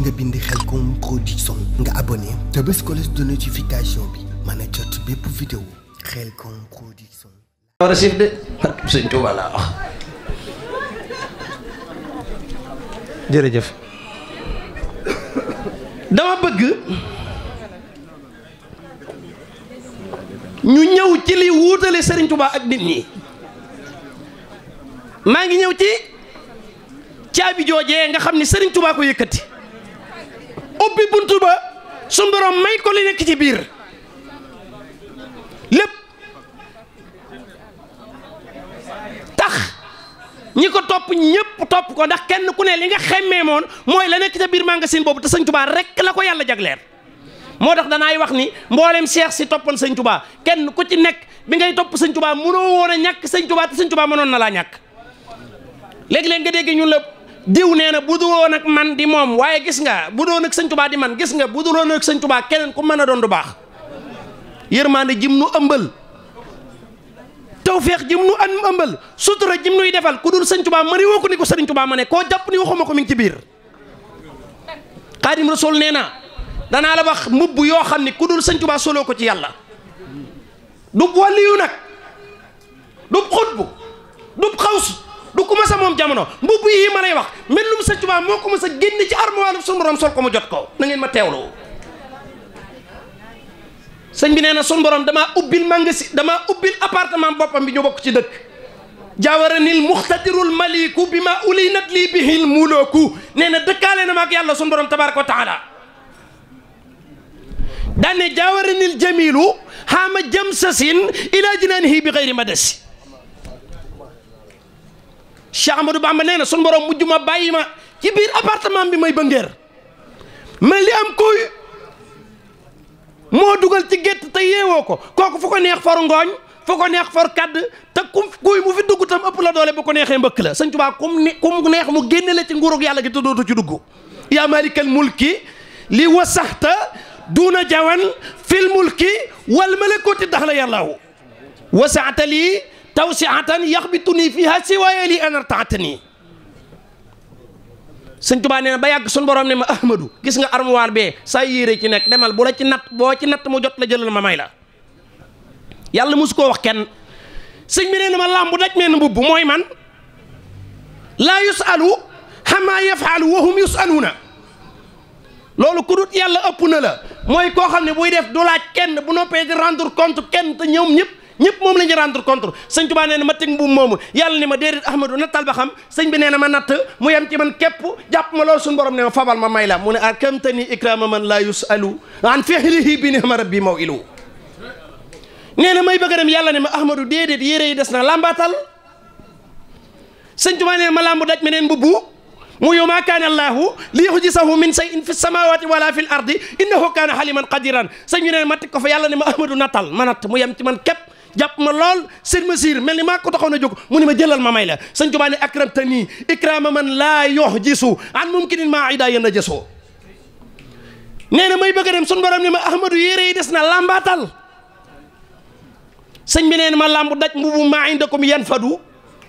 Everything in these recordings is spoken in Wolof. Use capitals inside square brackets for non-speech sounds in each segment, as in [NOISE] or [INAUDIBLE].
nga bind Khelcom production nga abonné te bés cloche ci notification bi mën a jot bépp vidéo Khelcom production jërëjëf dama bëgg ñu ñëw ci li wuutale Serigne Touba ak nit ñi maa ngi ñëw ci caabi joojee nga xam ni sëriñ Touba ko yëkkati ubbi buntu ba suñu borom may ko li nekk ci biir lépp tax ñi ko topp ñëpp topp ko ndax kenn ku ne li nga xemmee moon mooy la nekk ca biir magasin boobu te sëñ Touba rek la ko yàlla jagleer moo tax danaay wax ni mboolem seex si toppoon sëñ Touba kenn ku ci nekk bi ngay topp sëñ Touba mënoo woon ñàkk sëñ Touba te sëñ Touba mënoon na laa ñàkk léegi-léeg nga dégg ñun la. diw nee na bu dul woon ak man di moom waaye gis nga bu doon ak sëñ di man gis nga bu dul woon ak sëñ keneen ku mën a doon du baax yërmaande jim nu ëmbal tawfeex jim nu am ëmbal sutura jim nuy defal ku dul sëñ tubaa mari ko ni ko sëriñ tubaa ma ne koo jàpp ni waxuma ko mi ngi ci biir xaadim rasul nee danaa la wax mbubb yoo xam ni ku dul sëñ soloo ko ci yàlla dub wàlliyu nag dub xutbu dub xawsu du ko massa mom jamono mbubb yi ma lay wax melum sa Tuubaa moko massa genn ci armoire sun borom sol ko mu jot ko na ngeen ma tewlo sëñ bi neena sun borom dama ubil mangasi dama ubil appartement bopam bi ñu bok ci dëkk jawaranil muxtadirul maliku bima ulinat li bihi al muluk neena dekkale na mak yalla sun borom tabaaraka wa taala daane jawaranil jamilu hama jamsasin ila ilaa bi madasi Cheikh Amadou Bamba neena sun borom mujjuma ma ci biir appartement bi may bëngeer mais li am kuy mo dugal ci gette te yewoko koku fuko neex for ngooñ fuko neex for kad te kum kuy mu fi dugg tam ëpp la dole bu ko neexe mbeuk la seigne touba kum kum neex mu genné la ci nguruk yalla gi te ci dugg ya malikal mulki li wasahta duna jawan fil mulki wal malakuti dakhla yalla wasa'ta li tawsiatan yaxbituni fiha siwaaya li anar taatani sëñ Tuubaa nee na ba yàgg suñu borom ne ma Ahmadou gis nga armoire bee saa yére ci nekk demal bu la ci natt boo ci natt mu jot la jëlal ma may la yàlla mosu koo wax kenn sëñ bi nee na ma làmb daj meen mbubb mooy man laa yusalu xamaa yafalu wahum yusaluuna loolu ku dut yàlla ëpp na la mooy koo xam ne buy def du kenn bu noppee di rendre compte kenn te ñoom ñëpp ñepp mom lañu ñu rendre compte sëñ Tuubaa nee ma tek mbuum mom yalla ni ma déedéet ahmadou natal ba xam bi neena ma nat mu yam ci man kep japp ma lo sun borom neena fabal ma may la akamtani ikrama man la yusalu an fihlihi bi ni'ma rabbi mawilu ilu may bëgg a dem yàlla ne ma ahmadou déedéet yere yi des na làmbaatal sëñ Tuubaa ma lamb daj menen bubu mu yuma kana allah li yuxjisahu min shay'in fi samawati wala fil ardi innahu kana haliman qadiran sëñ bi nee ma teg ko fa yalla ne ma ahmadou natal manat mu yam ci man kep jàpp ma lool sëñ Masir mel ni ma ko taxoon a jóg mu ni ma jëlal ma may la sëñ Tuubaa ne akram ta nii ikraama man laa yox jisu an mumkinin maa idaa yéen a jësoo may bëgg a dem suñu ni ma ahmadou yére yi des na làmbaatal sëñ bi ma làmb daj mbubu maa indakum yan fadu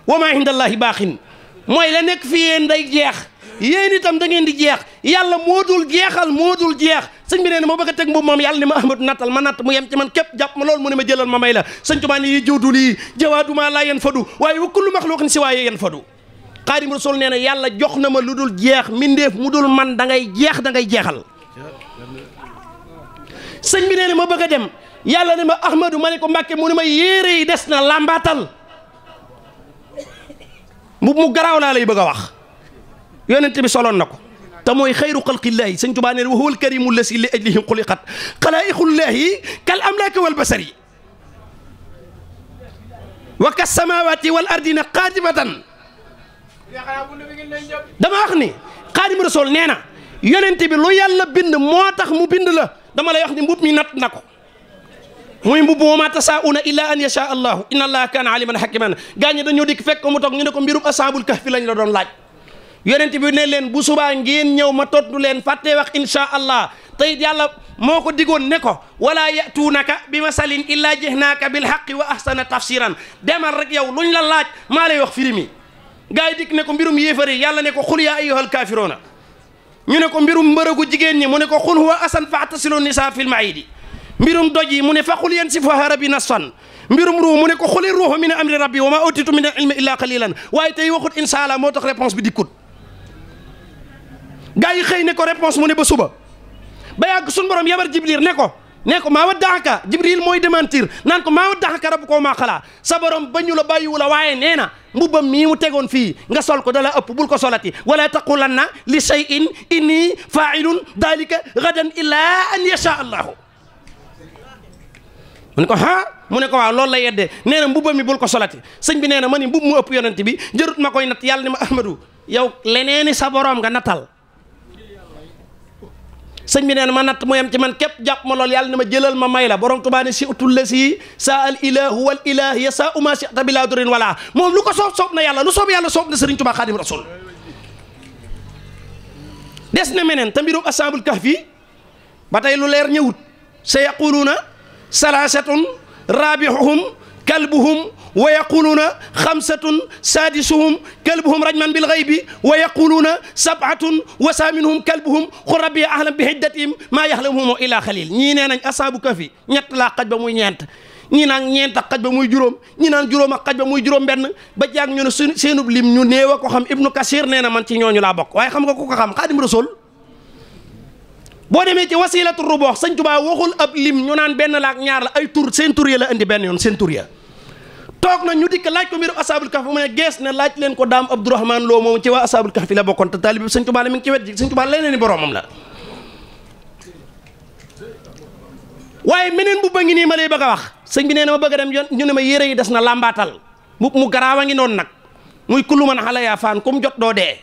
wa maa indallaahi baaxin mooy nekk fi yéen jeex yéen itam da ngeen di jeex yàlla moo dul jeexal moo dul jeex sëñ bi nee na ma bëgg a teg mbubu moom yàlla ni ma ahmadu nattal ma natt mu yem ci man képp jàpp ma loolu mu ne ma jëlal ma may la sëñ Tuubaa ne yi jëwdu lii jawaaduma laa yen fadu waaye wa kullu maxluuqin si waaye yen fadu xaadim rasul nee na yàlla jox na ma lu dul jeex mindeef mu dul man da ngay jeex dangay jeexal sëñ bi nee na ma bëgg a dem yàlla ne ma ahmadu ma ne ko mbàkke mu ne ma yéere yi des na làmbaatal mu mu garaaw lay bëgg a wax يونت بي سولون نكو تا موي خير خلق الله سن توبان وهو الكريم الذي لاجله خلقت خلائق الله كالاملاك والبشر وكالسماوات والارض قادمه دما اخني قادم رسول نينا يونت بي لو يالا بند موتاخ مو بند لا دما لا يخني مبمي نات نكو موي مبو وما تشاؤون الا ان يشاء الله ان الله كان عليما حكيما غاني دانيو ديك فك مو توك ني نكو ميرو اصحاب الكهف لا نلا دون لاج yonent bi ne leen bu subaa ngeen ñëw ma tontu leen fàttee wax insha allah tey yàlla moo ko digoon ne ko wala yatuunaka bi masalin illaa jihnaaka bil haqqi wa ahsana tafsiran demal rek yow luñ la laaj maa lay wax firimi gars yi dikk ne ko mbirum yéefari yàlla ne ko xul yaa ayyuhal kaafiroona ñu ne ko mbirum mbërëgu jigéen ñi mu ne ko xul huwa asan faatasilu nisaa fil maidi mbirum doj yi mu ne fa xul yeen si faha rabi nasfan mbirum ruux mu ne ko xuli ruuxu min amri moo tax réponse bi dikkut gaa xey ne ko réponse mo ne ba suba ba yag sun borom yabar jibril ne ko ne ko maa waddaaka jibril moy démentir nan ko maa waddaaka rabu koo maa xalaa sa borom bañu la bayiwu la waye neena mi mu tegon fi nga sol ko dala upp bul ko solati wala taqulanna li shay'in inni fa'ilun dalika ghadan illa an yasha allahu mun ko ha mun ko wa lol la yedde neena na mi bul ko solati señ bi neena na mbub mu upp yonenti bi jeerut ma nat yalla ni ma ahmadu yow leneeni sa borom nga natal sëñ bi nee na ma natt mu yem ci man képp jàpp ma lool yàlla ne ma jëlal ma may la borom Tuubaa si utul si saa al ilahu ya saa uma si tabilaa durin wala moom lu ko soob soob na yàlla lu soob yàlla soob na sëriñ Tuubaa Xaadim Rasul des na meneen te mbirum ashaabul kahfi ba tey lu leer ñëwut sa yaquluuna salaasatun raabihuhum كلبهم ويقولون خمسة سادسهم كلبهم رجما بالغيب ويقولون سبعة وسامنهم كلبهم قل ربي أعلم بعدتهم ما يعلمهم إلا خليل ñii nee nañ asaabu kafi ñett laa xaj ba muy ñeent ñi naan ñeent ak xaj ba muy juróom ñi naan juróom ak xaj ba muy juróom benn ba jàng ñu ne seen seenub lim ñu néew ci ñooñu laa bokk waaye ci sëñ waxul ab lim ñu naan ben laak ñaar la ay tour sen tour ya la andi ben yon sen tour ya toog na ñu dikk laaj ko mbirum asaabul kahf mu ne gees ne laaj leen ko daam abdourahman loo moom ci waa asaabul kahf la bokkoon te taalib bi sëñ Tuubaa la mi ngi ci ni boroomam la waaye meneen bu ba ngi nii ma lay bëgg a wax sëñ bi nee ma bëgg a dem yoon ñu ne ma yére yi des na làmbaatal mu mu garaawa ngi noon nag muy kullu man alayhaa faan kum jot doo dee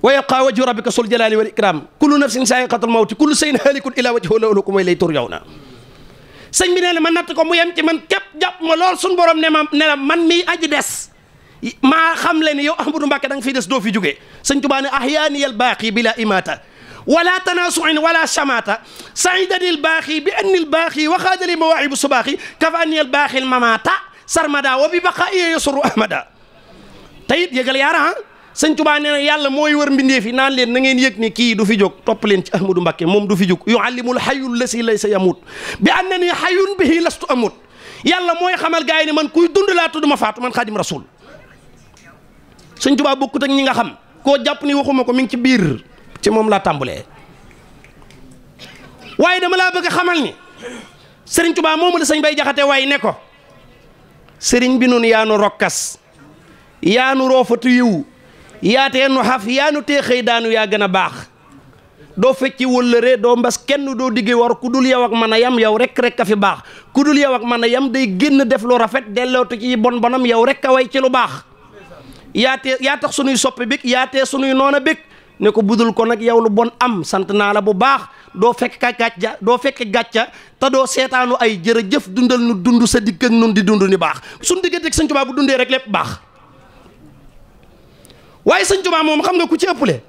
wa yabqaa wajhu rabbika sul jalaali wal ikraam kullu nafsin zaa'iqatul mawti kullu shay'in haalikun sëñ bi nee na ma natt ko mu yem ci man képp jàpp ma lool suñu borom ne ma ne man mii aji des maa xam le ni yow Ahmadou Mbacke da nga fiy des doo fi jógee sëñ Tuubaa ne ahyaaniyal baaqi bila imaata wala tanaasuin wala shamata saidanil baaxi bi annil baaxi waxaadali mawaahibu subaaxi kafaaniyal baaxil mamaata sarmada wa bi baqaa'iya yasuru ahmada tayit yëgal yaara ah. sëñ Tuubaa nee yàlla mooy wër mbindeef yi naan leen na ngeen yëg ni kii du fi jóg topp leen ci Ahmadou Mbacké moom du fi jóg yuallimul xayul lasi lay sa yamut bi anna ni xayun bihi lastu amut yàlla mooy xamal gars yi ne man kuy dund laa tudd ma faatu man xaadim rasul ak ñi nga xam koo jàpp ni waxuma ko mi ngi ci biir ci moom laa tàmbalee waaye dama laa bëgg a xamal ni sëriñ Tuubaa moomu la sëñ bay jaxate waaye ne ko sëriñ bi noonu yaanu rokkas yaanu roofatu yiw yaatee nu xaf yaa nu tee xëy daanu yàgg gën a baax doo fecci wëllëre doo mbas kenn doo digge war ku dul yow ak man a yam yow rek rek a fi baax ku dul yow ak man a yam day génn def lu rafet dellootu ci bon bonam yow rek a way ci lu baax yaate yaa tax sunuy soppi bég yaatee sunuy noon a bég ne ko budul ko nag yow lu bon am sant naa la bu baax doo fekk ka gàcca doo fekk gàcca te doo seetaanu ay jëf dundal nu dund sa digg nun di dund ni baax suñu digganteeg Sëñ Tuubaa bu dundee rek lépp baax waaye sañ tubaa moom xam nga ku ci ëppale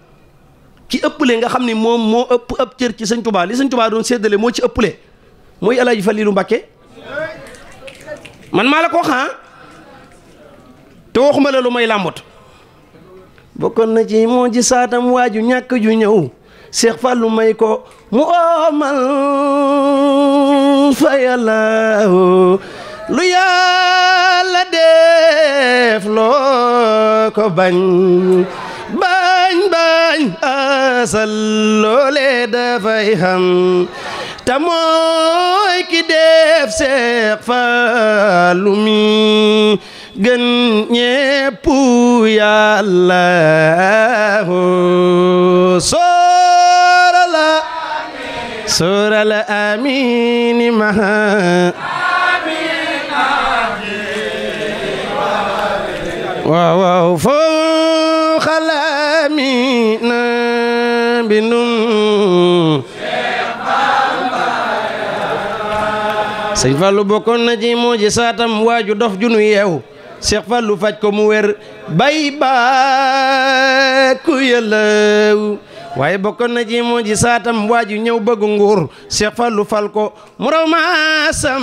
ki ëppale nga xam ni moom moo ëpp ëpp cër ci sañ tubaa li sëñ tubaa doon séddale moo ci ëppale mooy alaaji Faliilu Mbàkke man maa la ah. waxuma la lu may làmbot bokkoon na ci moo ji saatam waaju ñàkk ju ñëw Seex Fàllu may ko mu oomal fa yàlla lu yaa yàlla def loo bañ bañ bañ asal loole dafay xam te mooy ki def seex faalu mi gën ñépp yàlla soorala soorala amiin maha waaw foo xalaami na bindum Sëñ Fallu bokkoon na ci moo ji saatam waaju dof junu yeew Cheikh Fallu faj ko mu wér bay baa ku waaye bokkoon na ci moo ji saatam waaju ñëw bëgg nguur Cheikh Fallu fal ko mu raw maasam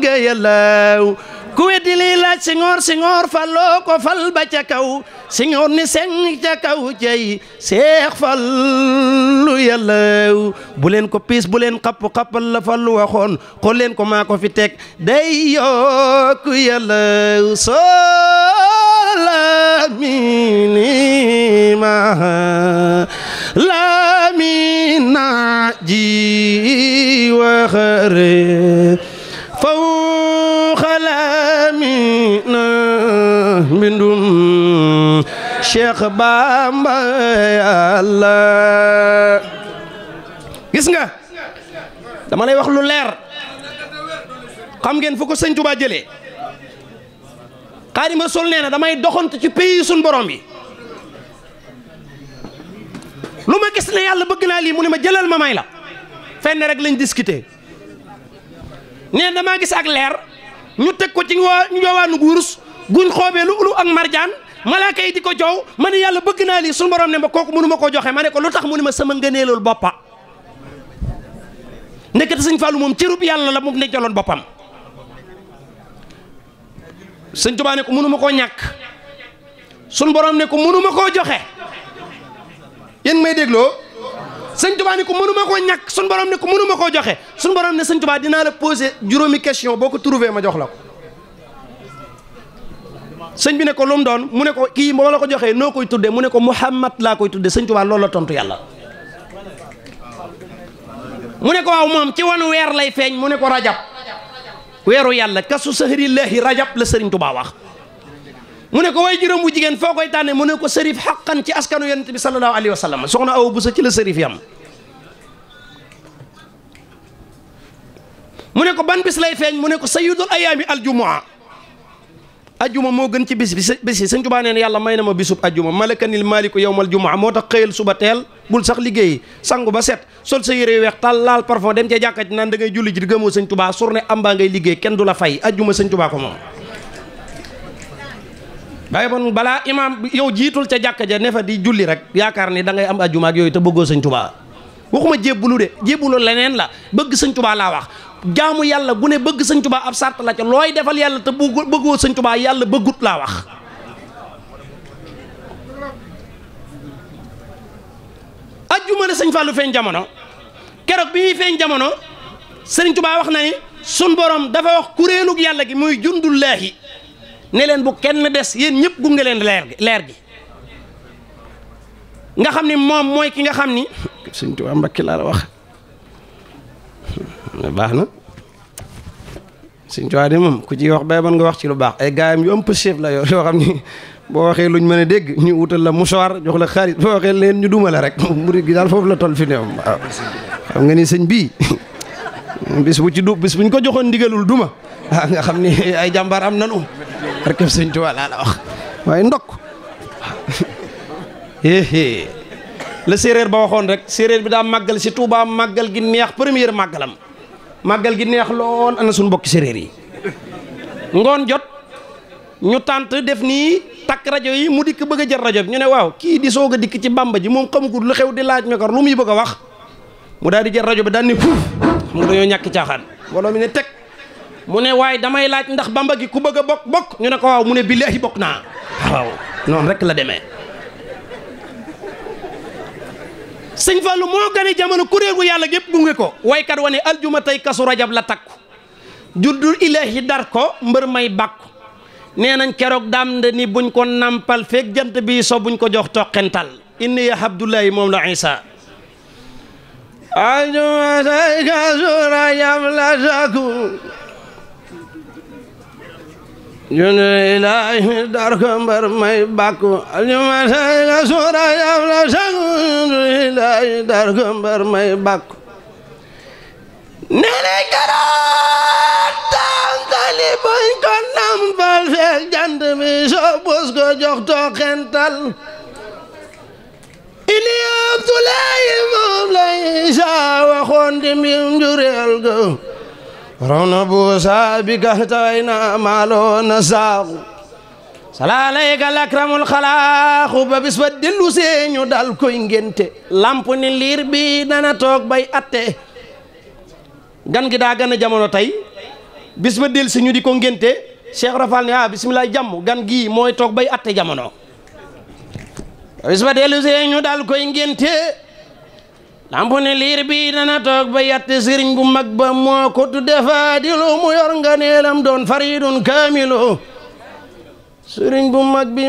ga yëlaw ku dilila singor singor singoor ko fal ba ca kaw singor ni seng ca kaw cay seex fallu yalla bu len ko pis bu len xap xappal la fallu waxon ko len ko mako fi tek day yalla so la minima la ji khare lamina mbindum Cheikh Bamba yàlla gis nga dama lay wax lu leer xam ngeen fu ko sëñ Tuubaa jëlee Xaadimu Rasuul nee na damay doxantu ci pays suñ borom yi lu ma gis ne yàlla bëgg naa lii mu ne ma jëlal ma may la fenn rek lañ discuter nee damaa gis ak leer ñu teg ko ci waa njoowaanu wurus guñ xoobee lu ulu ak marjaan malaaka yi di ko jow ma ne yàlla bëgg naa lii suñu borom ne ma kooku mënu koo joxe ma ne ko lu tax mu ne ma sama ngëneelul boppa ndekete sëñ Fallou moom cërub yàlla la moom dencaloon boppam sëñ Tuubaa ko mënuma koo ñàkk suñu borom ne ko mënuma koo joxe yéen may dégloo sëñ tubaa ni ko mënuma koo ñàkk suñ borom ne ko mënuma koo joxe suñ borom ne sëñ tubaa dinaa la poser juróomi question boo ko trouvé ma jox la ko sëñ bi ne ko lu doon mu ne ko kii boo la ko joxee noo koy tuddee mu ne ko Muhammad laa koy tuddee sëñ tubaa loolu la tontu yàlla mu ne ko waaw moom ci wan weer lay feeñ mu ne ko rajab weeru yàlla kasu sahrillahi rajab la sëriñ tubaa wax mu ne ko way juróom bu jigéen foo koy tànne mu ne ko sërif xaqan ci askanu yonent bi sallallahu alayhi wa sallam soxna awa busa ci la sërif yam mu ne ko ban bis lay feeñ mu ne ko sayyidul ayaami aljumaa ajuma moo gën ci bis bi bis yi sëñ Tuubaa nee na yàlla may na ma bisub ajuma malakanil maliku yowmal jumaa moo tax xëyal suba teel bul sax liggéeyi sangu ba set sol sa yére yu weex tal laal parfum dem ca jàkka ci naan da ngay julli ji di gëmoo sëñ Tuubaa baa ngay liggéey kenn du la fay ajuma sëñ Tuubaa ko moom waaye bon balaa imaam yow jiitul ca jàkka ja ne fa di julli rek yaakaar ni da am ajuma ak yooyu te bëggoo sëñ tubaa waxuma jébbulu de jébbulu leneen la bëgg sëñ tubaa laa wax jaamu yàlla gu ne bëgg sëñ tubaa ab sart la ca looy defal yàlla te bëggoo sëñ tubaa yàlla bëggut laa wax ajjuma la sëñ Fallou feeñ jamono keroog bi muy feeñ jamono sëriñ tubaa wax na ni sun borom dafa wax kuréelug yàlla gi muy jundullaahi ne leen bu kenn des yéen ñëpp gunge leen leer gi leer gi nga xam ni moom mooy ki nga xam ni sëñ Tuubaa Mbàkke laa la wax baax na suñ Tuubaa de moom ku ci wax bay ban nga wax ci lu baax ay gaayam yoom am chef la yoo xam ni boo waxee luñ mën a dégg ñu wutal la musuwaar jox la xaalis boo waxee leen ñu duma la rek murid gi daal foofu la toll fi ne moom waaw xam nga ni sëñ bii bis bu ci du bis buñ ko joxoon ndigalul duma ah, nga xam ni ay jàmbaar am nanu barkeb sëñ touba la la wax waaye ndokk éhé le sereer ba waxone rek sereer bi da magal ci Touba magal gi neex premier magalam magal gi neex lool ana sun bokk sereer yi ngon jot ñu tante def ni tak radio yi mu dik bëgg jël ñu ne waw ki di soga dik ci bamba ji mom xamugul lu xew di laaj kor lu muy bëgg wax mu daal di jël radio bi daal ni fuf xam nga ñak ci xaan wala mi ne tek mu ne waaye damay laaj ndax bamba gi ku bëgg bokk bokk ñu ne ko waaw mu ne billaahi bokk naa waaw noon rek la demee sëñ Fallou moo gane jamono kuréelu yàlla gépp gunge ko waykat wane aljuma tey kasu rajab la takku juddu ilaahi dar ko mbër may bàkku nee nañ keroog daam ni buñ ko nampal feeg jant bi so buñ ko jox toqental inni ya abdullahi moom la isa aljuma tey kasu rajab la takku jundu ilaahi darko mbar may bàkku aljuma tey la suura yam la sangu jundu ilaahi darko mbar may bàkku nene garaat tànkali buñ ko nampal feek jant bi soo bus ko jox too xental iliyam tulaayi moom lay saa waxoon di mbim jureel go رون بوسا بك احتوينا ما لو نساق صلى عليك الاكرم الخلاق ببس ودلو سينو دال كوي ni liir bi dana toog bay atte gan gi daa gën a jamono tey bis ba del si ñu di ko ngénte Cheikh Rafal ne ah bisimilah jàmm gan gii mooy toog dal koy ngénte lampu liir bi dana toog ba yàtt sëriñ bu mag ba moo ko tudde faadilu mu nga neelam doon faridun kaamilu bu mag bi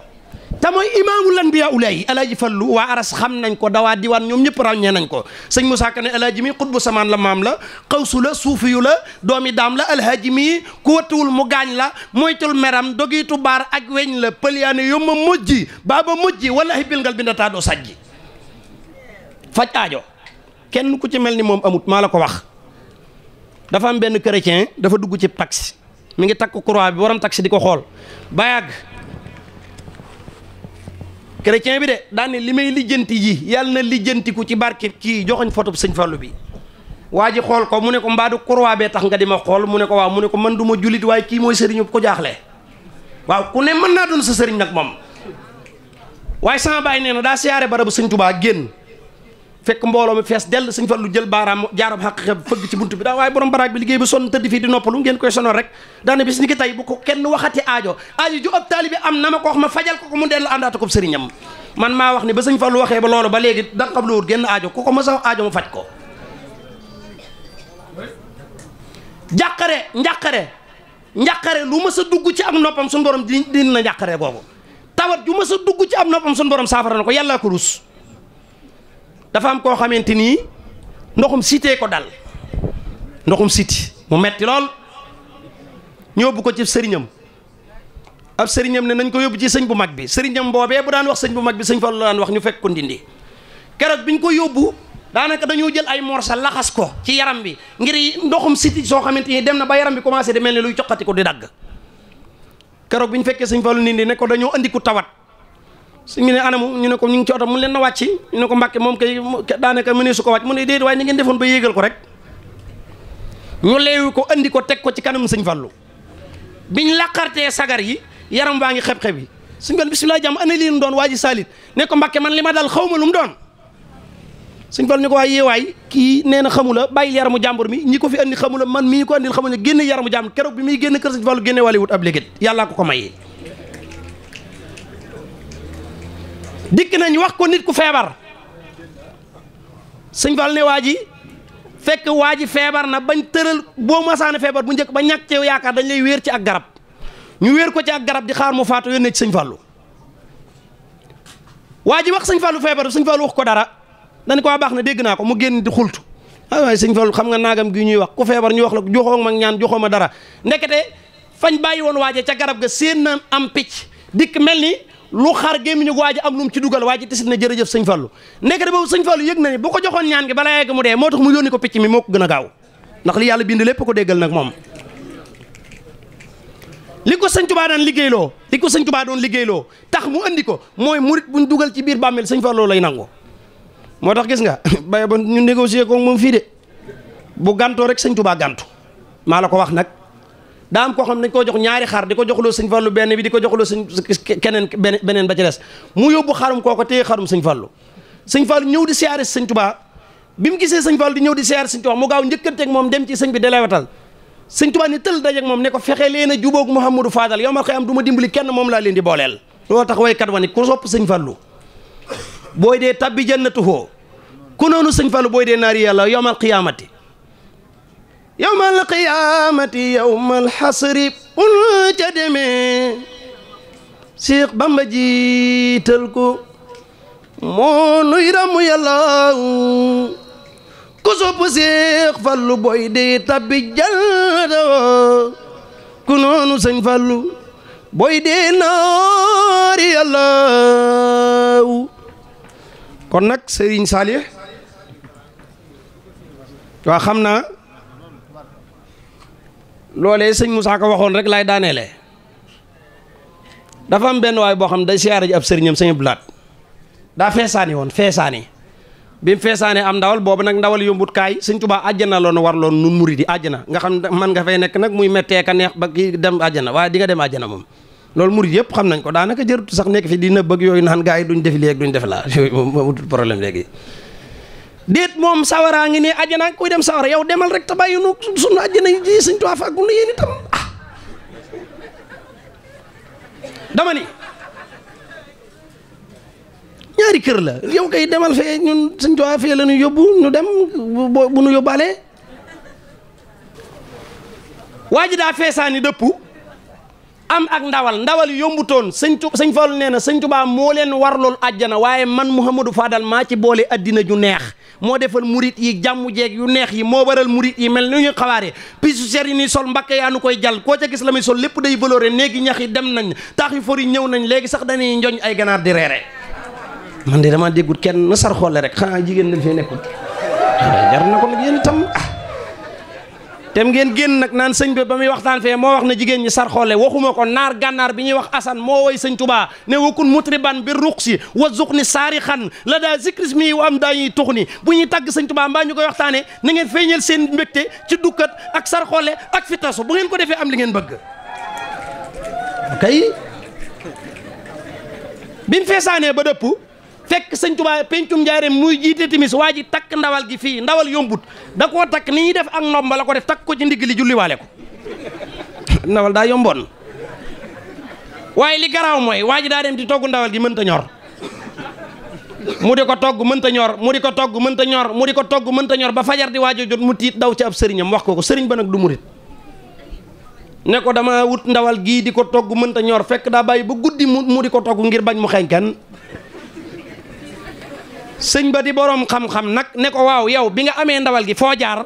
te mooy imaamul anbiya ulay alaaji fallu waa aras xam nañ ko dawaa diwaan ñoom ñëpp ràññee nañ ko sëñ Moussa Kane alaaji mi xutbu samaan la maam la xawsu la suufiyu la doomi daam la alhaaji mi ku wattuwul mu gaañ la mooy moytul meram dogitu baar ak weñ la pëliyaane yomma mujji baaba mujji wala hibbil ngal bi ndataa doo sajji faj aajo kenn ku ci mel ni moom amut maa la ko wax dafa am benn chrétien dafa dugg ci taxi mu ngi takk croix bi borom di ko xool chrétien bi de daan li may lijjanti ji yàlla na lijjantiku ci barke kii joxoñ foto sëñ Fallu bi waa ji xool ko mu ne ko mbaadu croix bee tax nga di ma xool mu ne ko waa mu ne ko man du ma jullit waaye kii mooy sëriñu ko jaaxle waaw ku ne mën naa doon sa sëriñ nag moom waaye sama baay nee na daa siyaare barabu sëñ Tubaa génn Fek mbolo mi fess del seigne Fallu jël baram jaarab haq xeb feug ci buntu bi da way borom barak bi liggéey bi son teddi fi di noppalu ngeen koy sonor rek na bis ni ki bu ko kenn waxati aajo aajo ju op talibi am na ma ko wax ma fajal ko ko mu del àndaata ko serignam man ma wax ni ba seigne Fallu waxe ba lolu ba legi da xam loolu genn aajo ko ko ma sax aajo mu faj ko njàqare lu ma sa dugg ci am noppam sun borom di din na njàqare gogo tawat ju ma sa dugg ci am noppam sun borom safara nako yalla ko rus dafa am koo xamante nii ndoxum cité ko dal ndoxum cité mu metti lol ñu ko ci ab sëriñam ne nañ ko yóbbu ci sëñ bu mag bi sëriñam boobee bu daan wax sëñ bu mag bi sëñ Fallu daan wax ñu fekk ko ndindi keroog biñ ko yóbbu daanaka dañoo jël ay morsa laxas ko ci yaram bi ngir ndoxum siti dem na ba yaram bi commencé di mel luy ko di dagg keroog bi ñu fekkee sëñ ndindi ne ko dañoo andi ku tawat suñ mu ne anamu ñu ne ko ñu ngi ci oto mun leen na wàcc ñu ne ko mbàkke moom kay daanaka mu ne su ko wàcc mu ne déedéet waaye ni ngeen defoon ba yéegal ko rek ñu leewu ko andi ko teg ko ci kanam sëñ Fallu biñ laqartee sagar yi yaram waa ngi xeb-xeb yi suñ ko bisimilah jàmm ana leen doon waa ji saalit ne ko mbàkke man li ma dal xaw ma lu mu doon suñ Fallu ne ko waay kii nee na xamula bàyyil yaramu jàmbur mi ñi ko fi andi xamula man mii ko andil xamula génne yaramu jàmbur keroog bi muy génn kër sëñ Fallu génne wàlli wut yàllaa ko ko mayee dikk nañ wax ko nit ku feebar sëñ Fall ne waa ji fekk waa ji feebar na bañ tëral boo masaane feebar bu njëkk ba ñàkk ci yaakaar dañ lay wéer ci ak garab ñu wéer ko ci ak garab di xaar mu faatu yónnee ci sëñ Fallu waa ji wax sëñ Fallu feebar sëñ Fallu ko dara dañ ko baax na dégg naa ko mu génn di xultu ay waay xam nga naagam gi ñuy wax ku feebar ñu wax la joxoo ma ñaan joxoo ma dara ndekete fañ bàyyi woon waaje ca garab ga seen na am picc dikk mel ni lu xar gémmiñu waa ji am lu mu ci dugal waa ji tisit na jërëjëf sëñ Fallou ndekete boobu sëñ Fallou yëg na ne bu ko joxoon ñaan gi balaa yegg mu dee moo tax mu yónni ko picc mi moo gën a gaaw ndax li yàlla bind lépp ko déggal nag moom li ko sëñ Tubaa daan liggéeyloo li ko sëñ Tubaa liggéeyloo tax mu andi ko mooy murit buñ dugal ci biir bàmmeel sëñ Fallou lay nangu moo tax gis nga [LAUGHS] baye ba ñu négocier ko moom fii de bu gantoo rek sëñ Tubaa gàntu maa la ko wax nag daa am koo xam ne dañ koo jox ñaari xar di ko joxloo sëñ fallu benn bi di ko joxloo sëñ keneen beneen ba ci des mu yóbbu xarum kooko téye xarum sëñ fallu sëñ fallu ñëw di siyaare si sëñ tubaa bi mu gisee sëñ fallu di ñëw di siyaare si sëñ tubaa mu gaaw njëkkanteeg moom dem ci sëñ bi delewetal sëñ tubaa ni tël dajeeg moom ne ko fexee leen a jubóog Mouhamadou Fadal yow ma koy am du ma dimbali kenn moom laa leen di booleel loolu tax waykat wa ni ku sopp sëñ fallu booy dee tabbi jannatuhoo ku noonu sëñ fallu booy dee naari yàlla yowmal qiyaamati yowma alqiyaamati yowma alxasri bun ca demee Cheikh Bamba jiital moo nuy ramu yàlla ku sopp Fallu boy tabbi jàll ku noonu sëñ Fallu boy naari yàlla kon nag Serigne Saliou waa xam naa loolee sëñ Moussa Ka waxoon rek laay daaneele dafa am benn waay boo xam day siyaare ji ab sëriñam sëñ Blaat daa feesaani woon feesaani bi mu feesaanee am ndawal boobu nag ndawal yombut kaay sëñ Tuubaa àjjana loon war loon nun murid yi àjjana nga xam man nga fay nekk nag muy mettee ka neex ba ki dem àjjana waaye di nga dem àjjana moom loolu murid yëpp xam nañ ko daanaka jërutu sax nekk fi dina bëgg yooyu naan gars yi duñ def léegi duñ def laa yooyu moom amatul problème léegi déet moom sawaraa ngi ne ajjanaa kuy dem sawara yow demal rek te bàyyi nu sunu ajjana yi ji suñ tuwaa fàggul nu yéen itam ah dama ni ñaari kër la yow kay demal fee ñun suñ tuwaa fee la ñu yóbbu ñu dem bu nu yóbbaale waa ji daa feesaani dëpp am ak ndawal ndawal yombutoon sëñ tu sëñ Fallu nee na sëñ Tuubaa moo leen warlool àjjana waaye man Mouhamadou Fadal maa ci boole addina ju neex moo defal murit yi jàmm jeeg yu neex yi moo waral murit yi mel ni ñu xawaare pisu ser yi ni sol mbakke yaa nu koy jal ko ca gis la muy sol lépp day valoré néegi ñax yi dem nañ taax yu for yi ñëw nañ léegi sax dañuy njoñ ay ganaar di reere man de damaa déggut kenn na sar xoole rek xanaa jigéen dañ fee nekkut jar na ko nag yéen tem ngeen génn nag naan sëñ bi ba muy waxtaan fee moo wax na jigéen ñi sarxoole waxuma ko naar gànnaar bi ñuy wax asan moo woy sëñ tubaa ne wakun mutriban bi ruqsi wa zuqni saari xan la daa zikris mi am daa ñuy tux ni bu ñuy tagg sëñ tubaa mbaa ñu koy waxtaane na ngeen feeñal seen mbégte ci dukkat ak sarxoole ak fi tasu bu ngeen ko defee am li ngeen bëgg kay bi mu feesaanee ba dëpp Fek seigne touba pencum njaareem muy jiite timis waji tak ndawal gi fi ndawal yombut da tak tak ni def ak nomba la ko def tak ko ci ndig li walé ko [LAUGHS] ndawal da yombon waaye li garaaw moy waji da dem di togg ndawal gi ta ñor mu di ko togg ta ñor mu di ko togg ta ñor mu di ko togg ta ñor ba fajar di waji jot mu tit daw ci ab sëriñam wax ko ko sëriñ ba nak du murit ne ko dama wut ndawal gi di ko togg ta ñor fek da baye bu guddii mu di ko togg ngir bañ mu sëñ ba di borom xam-xam nag ne ko waaw yow bi nga amee ndawal gi foo jaar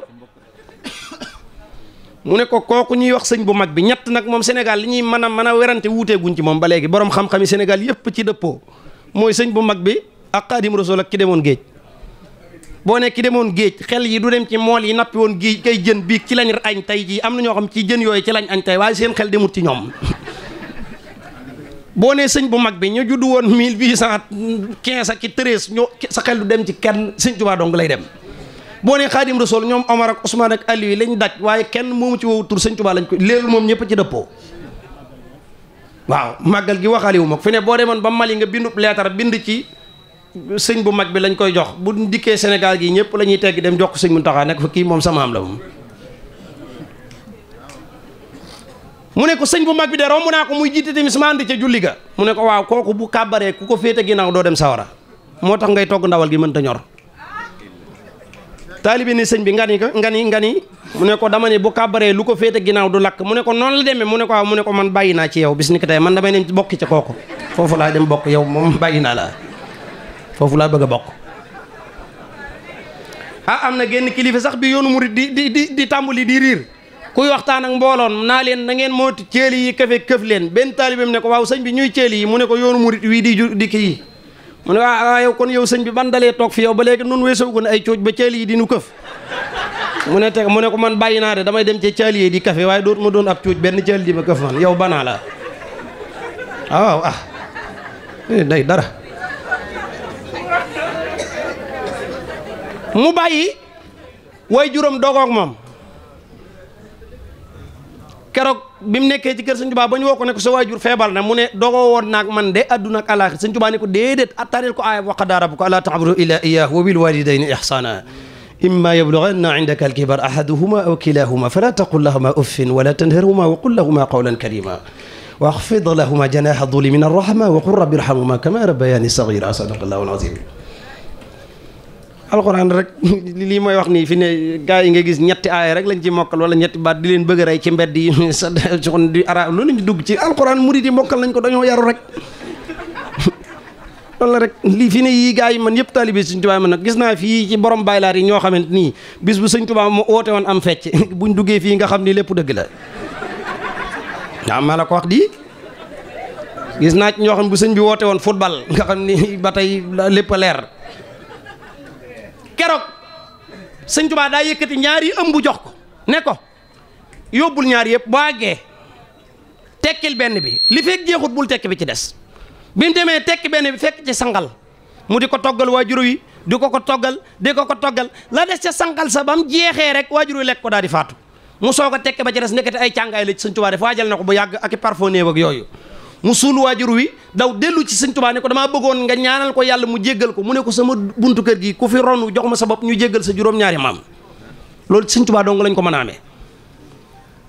mu ne kooku ñuy wax sëñ bu mag bi ñett nag moom senegal li ñuy mën a mën a werante wuuteeguñ ci moom ba léegi borom xam-xami Sénégal yëpp ci dëppoo mooy sëñ bu mag bi ak Xaadim Rasuul ak ki demoon géej boo nekki ki demoon géej xel yi du dem ci mool yi nappi woon géej kay jën biig ci lañ añ tey jii am na ñoo xam ci jën yooyu ci lañ añ tey waaye seen xel demut ci ñoom boo seigne bu mag bi ñu judd won 1815 ak 13 ñu sa xel du dem ci kenn seigne touba dong lay dem boo khadim rasoul ñom Omar ak usman ak ali lañ daj waye kenn moomu ci woowu tur seigne touba lañ ko léelu mom ñepp ci depo waaw magal gi waxali wu mak fi ne bo demone ba Mali nga bindu lettre bind ci seigne bu mag bi lañ koy jox bu dikkee senegal gi ñepp lañuy tegg dem jox seigne sëñ Muntaxa fa sama am la mom mune ko sëñ bu mag bi de rom naa ko muy jitté timis mande ci julli ga mune ko waaw koku bu kabaré kuko fété ginaaw do dem sawara motax ngay togg ndawal gi mënta ñor ni sëñ bi ngani ni ngani ni ko dama ni bu kabaré lu fété ginaaw du lak mune ko non la démé mune ko waaw mune ko man bayina ci yow bis ni ko tay man damay dem bokk ci koku fofu la dem bokk yow mom bayina la fofu la bëgg bokk ah amna genn kilifa sax bi yoonu murid di di di tambuli di kuy waxtaan ak mbooloon naa leen na ngeen moytu ceeli yi kafe këf leen benn taalibeem ne ko waaw sëñ bi ñuy ceeli yi mu ne ko yoonu murit wii di ju di kii mu ne waaw ah, ah, yow kon yow sëñ bi ban dalee toog fi yow ba léegi nun weesoogu ne ay cooc ba ceeli yi dinu nu këf mu ne teg mu ne ko man bàyyi naa de damay dem cee ceeli di kafe waaye dootuma doon ab cooc benn ceeli di ma këf man yow banaa la ah, waaw ah eh, day dara mu bàyyi way juróom dogoog keroog bi mu nekkee ci kër sëñ Tuubaa ba ñu woo ko ne ko sa waajur feebar na mu ne dogoo woon naag man de adduna ak alaaxir sëñ Tuubaa ne ko déedéet attaril ko aaya waqadaa rabbuka allaa ta'budu illaa iyyaahu wa bil waalidayni ihsaana imma yablughanna 'indaka al-kibara ahaduhuma aw kilahuma fala taqul lahuma uffin wala tanharhuma wa qul lahuma qawlan karima واخفض لهما جناح الظل من الرحمة وقل رب ارحمهما كما ربياني صغيرا صدق الله العظيم alquran rek li [LAUGHS] moy wax ni fi ne gaay yi nga gis ñetti ay rek lañ ci mokal wala ñetti baat di leen bëgg ray ci mbedd yi [LAUGHS] sa joxon di arab loolu ñu dugg ci alquran murid mokal lañ ko dañoo yaru rek wala [LAUGHS] rek li fi ne yi gaay yi man yëpp talibé señ Tuubaa man nak gis na fi ci borom baylar yi ño xamanteni bis bu señ Tuubaa mo wote won am fecc buñ duggé fi nga xamni ni dëgg la da ma la ko wax di gis na ci ñoo xam bu señ bi wote won football nga xamni batay lepp leer kérok sëñ touba da yëkëti ñaari ëmb jox ko ne ko yobul ñaar yëpp bu tekkil benn bi li fekk jeexut bul tekki bi ci des bi démé demee tekki benn bi fek ci sangal mu diko toggal wajuru yi di ko toggal diko ko toggal la dess ci sangal sa bam mu rek wajuru lek ko daal faatu mu ba ci dess nekati ay càngaay la ci sëñ touba def wajal na bu yàgg ak parfum ak mu suul waajur wi daw dellu ci sëñ tubaa ne ko damaa bëggoon nga ñaanal ko yàlla mu jéggal ko mu ne ko sama buntu kër gi ku fi ronu jox ma sa bopp ñu jéggal sa juróom-ñaari maam loolu sëñ tubaa dong lañ ko mën a amee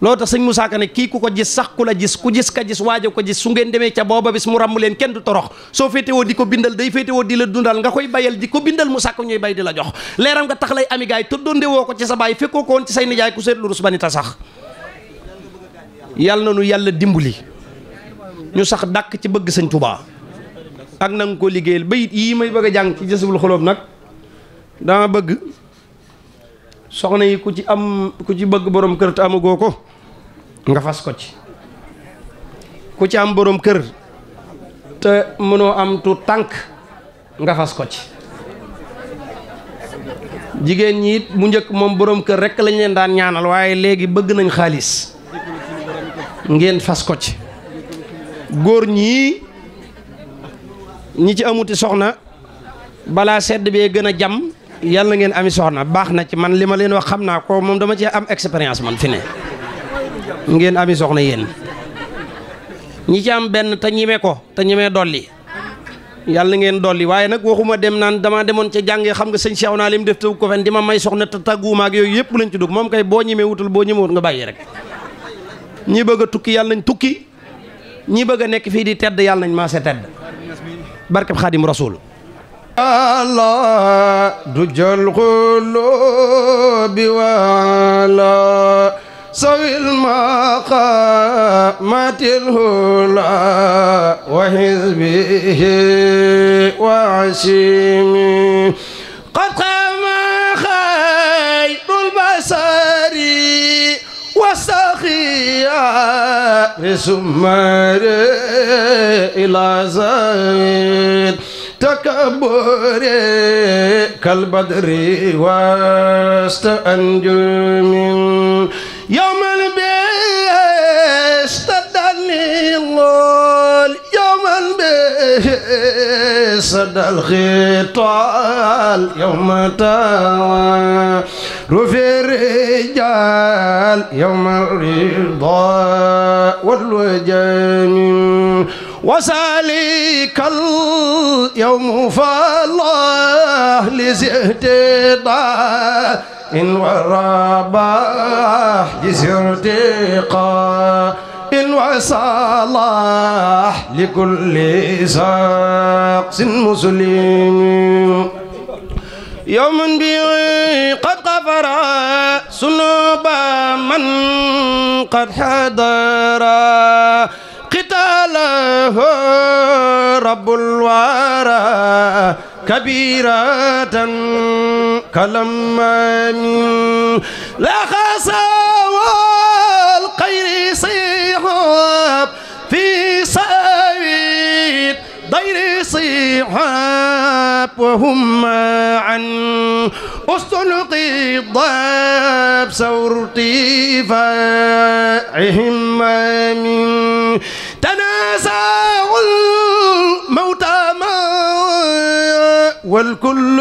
loolu tax ne kii ku ko gis sax ku la gis ku gis ka gis waajo ko gis su ngeen demee ca booba bis mu ràmm leen kenn du torox soo féetewoo di ko bindal day féetewoo di la dundal nga koy bayal di ko bindal mu sàkk ñuy bay di la jox leeram nga tax lay ami gaay tëddoonde woo ko ci sa baay fekkoo ko woon ci say nijaay ku seetlu rus a sax yàlla nu yàlla dimbali ñu sax dàkk ci bëgg sëñ Touba ak na ko liggéeyal bayit yii may bëgg a jàng ci jësubul xoloob nag dama bëgg soxna yi ku ci am ku ci bëgg boroom kër te amagoo ko nga fas ko ci ku ci am boroom kër te mënoo am tu tànk nga fas ko ci jigéen ñi it bu njëkk moom boroom kër rekk lañ leen daan ñaanal waaye léegi bëgg nañ xaalis ngeen fas ko ci Gorni, ñi ñi ci amuti soxna bala sedd be gëna jam yalla ngeen ami soxna baxna ci man lima leen wax xamna ko mom dama ci am experience man fi ne ngeen ami soxna yeen ñi ci am ben ta ñime ko ta ñime doli yalla ngeen doli waye nak waxuma dem naan dama demone ci jangé xam nga seigne Cheikh lim def taw ko fen dima may soxna ta taguma ak lañ ci dug mom kay bo ñime wutul boo ñemewut nga bayyi rek ñi bëgg tukki yalla nañ tukki ñi bëgg a nekk fii di tedd yàlla nañ sa tedd barke khadim rasul الله دج القلوب وعلى سوي المقامات الهلا وحزبه وعشيمه قد قام خير البصر وسط الخيار سمر إلى زيد تكبر كالبدر واستأنجم يوم البيت استدل الله صدى الخطال يوم ترى رفي الرجال يوم الرضا والوجان وسالك اليوم فالله لزهد إن ورباح لزهد قاء صلاح لكل ساقس مسلم يوم به قد غفر سنوب من قد حضر قتاله رب الورى كبيرة كلمة لا خسر الضحاب وهم عن أسلق الضاب سور فاعهم من تناسى الموتى ما والكل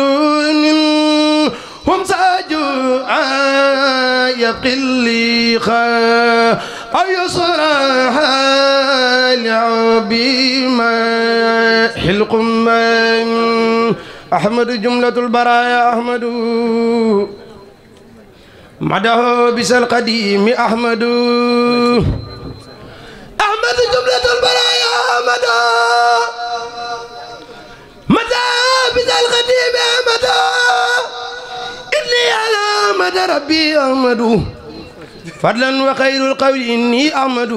منهم ساجوا آية يقل خاف أيصلح لعبي ما حلق ما أحمد جملة البرايا أحمد مده بس القديم أحمد أحمد جملة البرايا أحمد مدى بس القديم أحمد إني على مدى ربي أحمد فضلا وخير القول إني أحمد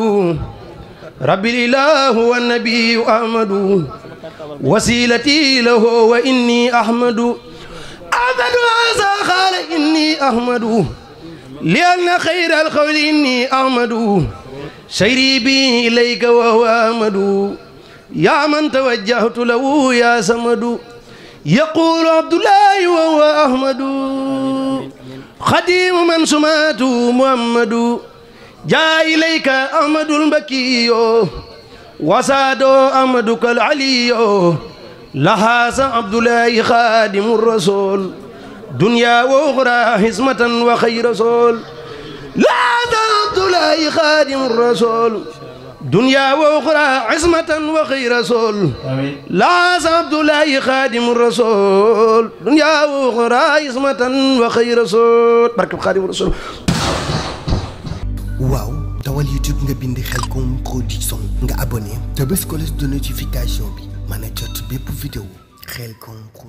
ربي الإله والنبي أحمد وسيلتي له وإني أحمد أحمد هذا قال إني أحمد لأن خير القول إني أحمد سيري بي إليك وهو أحمد يا من توجهت له يا سمد يقول عبد الله وهو أحمد xadiimu man sumaatu muhammadu jaa ilayka ahmadul mbakiyo wasaadoo ahmadu kal aliyo laxaasa abdullahi xaadimu rasool duniyaa wa uxraa xismatan wa xayra sool laxaasa abdullahi xaadimu rasool دنيا واخرى عزمة وخير رسول لا عبد الله خادم الرسول دنيا واخرى عزمة وخير رسول برك خادم الرسول واو دوال يوتيوب nga bind xelkom production nga abonné te bes ko les notification bi manager tout bepp vidéo